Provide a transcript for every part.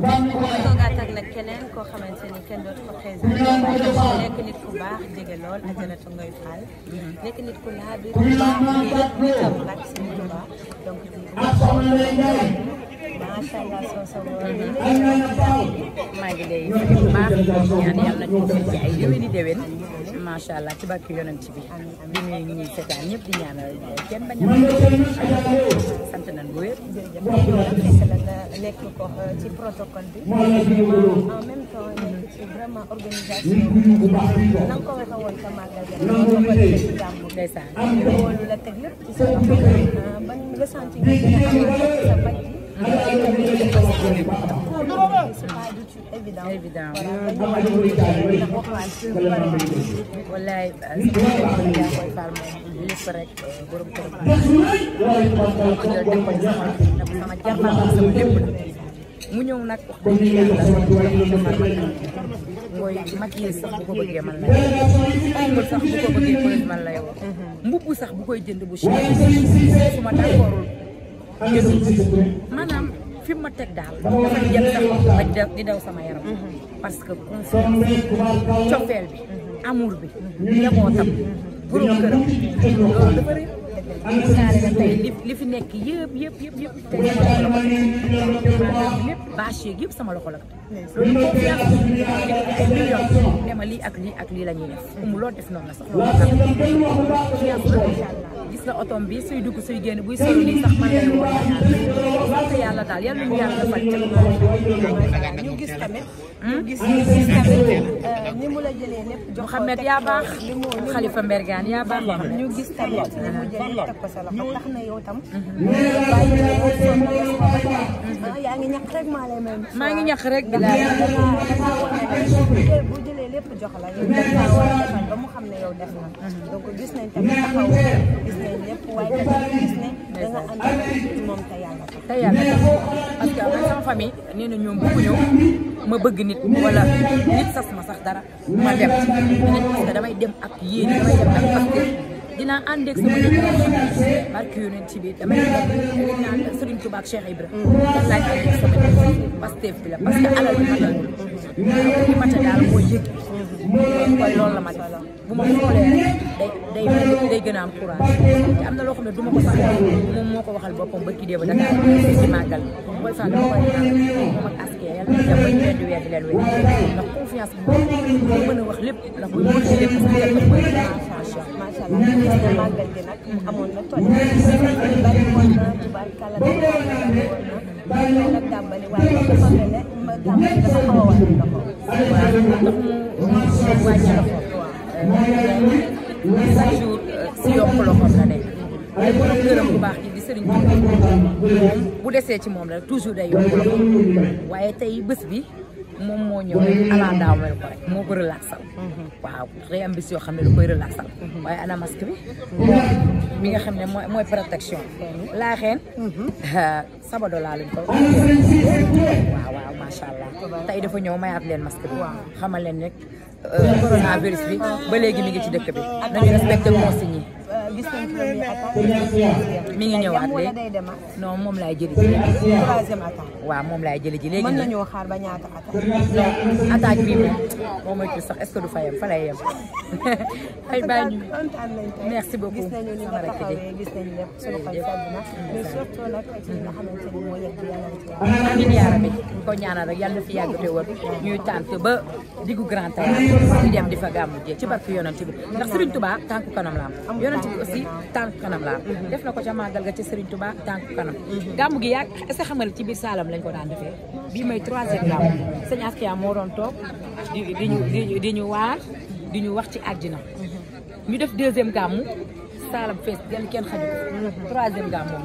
ñu toogaat ak nag keneen koo xamante ni kenn dootu ko présenté nekk nit ku baax jege lool ak Ajaratu Ngoye Fall mm-hmm. nekk nit ku laaj bi ku baax nitam nag si nit ku baax donc Sayda Soso maa ngi lay fekk bu baax ñaan yàlla ñu fekk ci ay déwéni déwén macha allah ci barke yonent bi di nuyu ñuy seetaan ñëpp di ñaanal kenn bañ a sant nañ bu wér. jërëjëf nekk ko ci protocole bi en même temps nekk ci vraiment organisation bi na ko waxee woon sa màggal bi nga ko defee ci jàmm ndeysaan. wóolu la teg lépp ci sa loxo ban nga senti nga gën a amal sa bañ évident wallaay lépp rek borom kër sama jarbaat sama lépp mu ñëw nag wax dëgg yàlla mooy maquillage sax bu ko bëggee man lay wax sax bu ko bëggee man lay wax mbubb sax bu koy jënd bu cher su ma d'accordul maanaam fi ma teg daal dafa jëm sax daw sama yaram parce que confiance cofeel bi amour bi njabootam borom këram loolu dafa rëy li fi nekk yëpp yëpp yëpp yëpp sama loxo la loolu confiance ay ne ma lii ak lii ak lii la ñuy def loo def noonu sax loolu gis la otom bi suy dugg suy génn buy sori nii sax man lay woo sant yàlla daal yal nañu yàlla defal ca ñu gis tamit ñu gis tamit ni mu la jëlee lépp jox Mouhamed yaa baax Khalifa Mbergane yaa baax ñu gis tamit ni mu jëlee teg ko sa loxo tax na yow tam yaa ngi ñaq rek maa lay may maa ngi ñaq rek lépp jox la yow ba mu xam ne yow def na donc gis nañ tamit taxaw gis nañ lépp waaye tamit gis ne da nga ànd ak moom te yàlla te yàlla parce que man sama famille nee na ñoom bu ko ñëw ma bëgg nit wala nit sas ma sax dara ma dem nit parce que damay dem ak yéene damay dem ak parce que dinaa ànd ak sama njaboot barke yonent bi damay naan Serigne Touba ak Cheikh Ibra laaj ànd ak sama njaboot Pastef bi la parce que alal bi ma dalul li ma ca daal mooy yëg mooy loolu la ma def bu ma xoolee rek day day day gën a am courage te am na loo xam ne du ma ko sax moom moo ko waxal boppam ba kii dee ba Dakar si màggal booy Fall dama koy ñaan moom ak aske yàlla na jàpp leen di weer di leen wéy ndax confiance bi moo mën a wax lépp ndax moo mën a lépp macha allah màggal gi nag amoon na toj bari woon na tubaarkàlla nag tàmbali waaye dafa mel ne tàmbali dafa xaw a wax na ko waaw toujours si yokk loxoom la nekk mais borom bu baax di sëriñ bu desee ci moom la toujours day yokk waaye tey bés bi moom moo ñëw rek daaw mel ko moo ko relaxal waaw day am bis yoo xam ne du koy relaxal waaye ana masque bi mi nga xam ne mooy mooy protection laa xeen sabado laa waaw waaw macha allah tey dafa ñëw mayaat leen masque bi xamal leen rek Euh, coronavirus bi ba léegi mi ngi ci dëkk bi nañu respecté consignes yi Euh, gis nañ mi ngi ñëwaat léegi non moom laay jëli ji. waaw moom laay jëli ji léegi mën nañoo xaar ba ñaata attaque. non attaque bii moom moom mooy sax est-ce que du fa yem fa lay yem. ay merci beaucoup sama rakk ji gis nañu lépp suñu xol sedd yaa rabbi ñu ko ñaanal rek yàlla na fi yàgg te wër ñuy tànt ba diggu grand tey ñu dem di fa gàmmu jee ci barke yonent bi ndax Serigne Touba tànku kanam la ci aussi tànku kanam laa def na ko ca màggal ga ca Serigne Touba tànku kanam gàmmu gi yaa est-ce xamal ci biir saalam lañ ko daan defee bii may troisième gàmmu sëñ Askia moo doon toog di diñu di ñu waar di ñu wax ci àddina ñu def deuxième gàmmu saalam fees den kenn xaju troisième gàmmu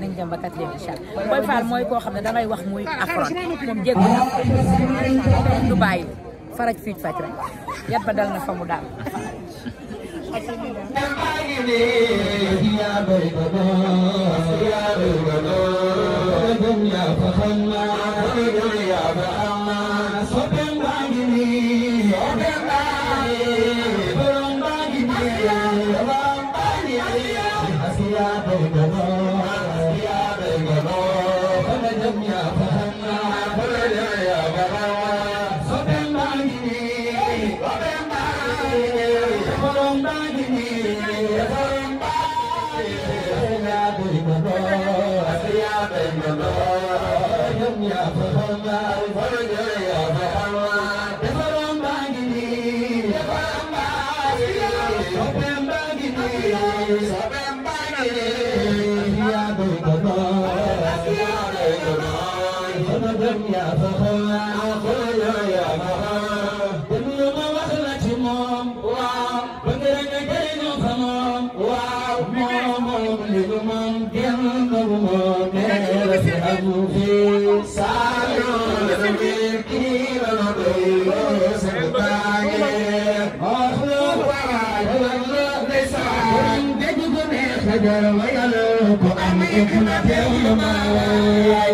nañ dem ba quatrième incha allah Boy mooy koo xam ne dangay wax muy affront moom jéggu na du bàyyi faraj fiic faj rek yat dal na fa mu daal عيني يا بيض dem yaa fa xaw xooloo yaa fa xaw dem lu ma wax la ci moom waaw ba ngir nga jëriñoo fa moom waaw moom moom li lu moom gën na lu moom nee la fi amu fi saa yoo la fi kii la la doy loo sa baage wax la waay wax la day saa dégg ko neex la jar ma yàlla ko am ikna teew ma waay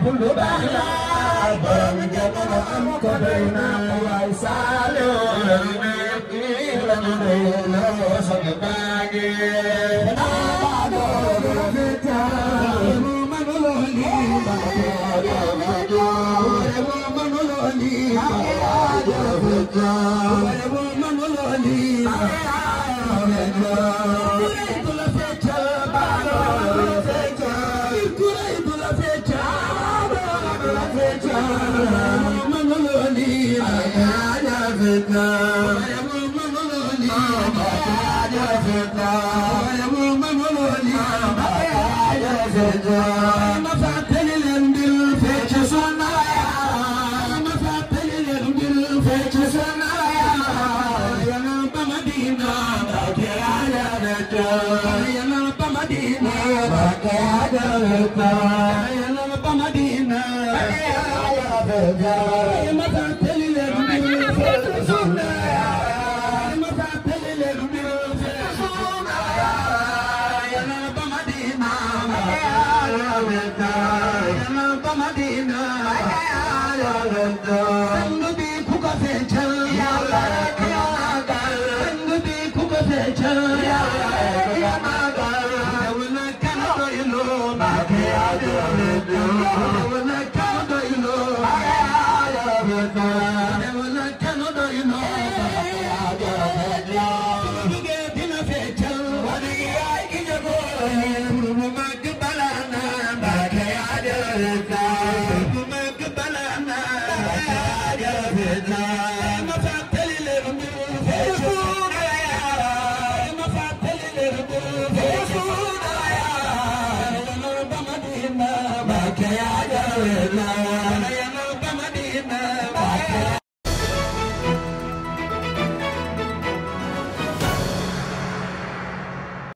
lépp lu baax la borom jamono am ko doy na waay Saliou la ñu doy la sang baa ngi Thank you. Bye.